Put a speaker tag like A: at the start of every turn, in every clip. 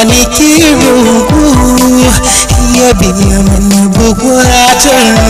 A: Ananikirugu Yabiyamani bukuratun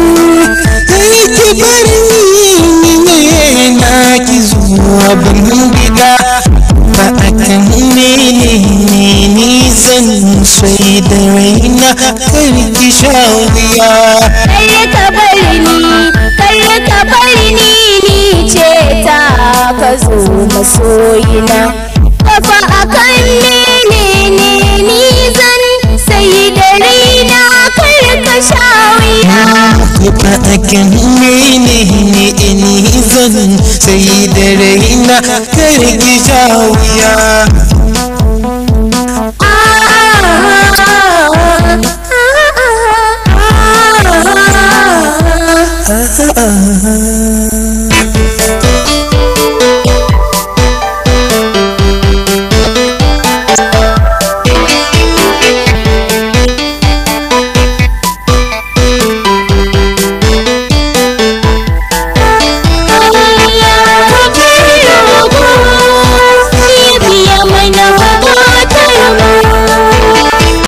A: abin gida ba a kan mene ni zan sai da raina karki ki wuya kai ka bari ni kai ka bari ni ni ce ta ka zo masoyina kafa a kan mene ne ni zan sai da raina karka ka wuya ba a kan mene ne sai da raina ta rigita wuya Uh-huh.